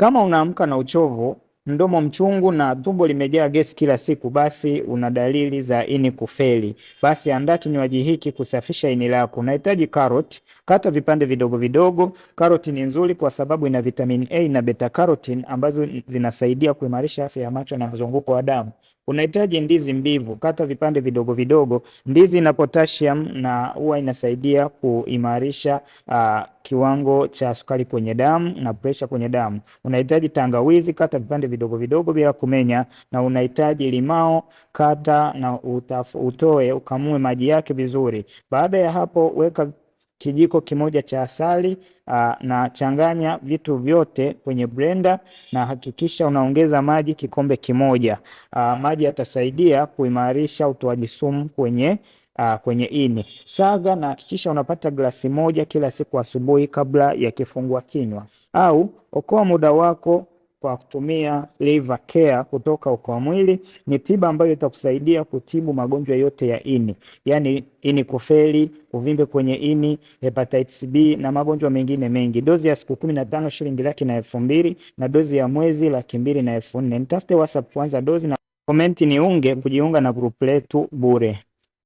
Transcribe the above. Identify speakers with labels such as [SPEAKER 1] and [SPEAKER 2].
[SPEAKER 1] Kama unaamka na uchovu, mdomo mchungu na tumbo limejaa gesi kila siku, basi una dalili za ini kufeli. Basi andaa kinywaji hiki kusafisha ini lako. Unahitaji karoti, kata vipande vidogo vidogo. Karoti ni nzuri kwa sababu ina vitamini A na beta carotene ambazo zinasaidia kuimarisha afya ya macho na mzunguko wa damu. Unahitaji ndizi mbivu, kata vipande vidogo vidogo. Ndizi ina potassium na huwa inasaidia kuimarisha uh, kiwango cha sukari kwenye damu na presha kwenye damu. Unahitaji tangawizi, kata vipande vidogo vidogo bila kumenya, na unahitaji limao, kata na utoe ukamue maji yake vizuri. Baada ya hapo weka kijiko kimoja cha asali uh, na changanya vitu vyote kwenye blender na hakikisha unaongeza maji kikombe kimoja. Uh, maji yatasaidia kuimarisha utoaji sumu kwenye uh, kwenye ini. Saga na hakikisha unapata glasi moja kila siku asubuhi kabla ya kifungua kinywa, au okoa muda wako kwa kutumia Liver Care kutoka Okoa Mwili. Ni tiba ambayo itakusaidia kutibu magonjwa yote ya ini, yaani ini kufeli, uvimbe kwenye ini, hepatitis B na magonjwa mengine mengi. Dozi ya siku kumi na tano shilingi laki na elfu mbili na dozi ya mwezi laki mbili na elfu nne Nitafute WhatsApp kwanza dozi na komenti niunge kujiunga na grupu letu bure.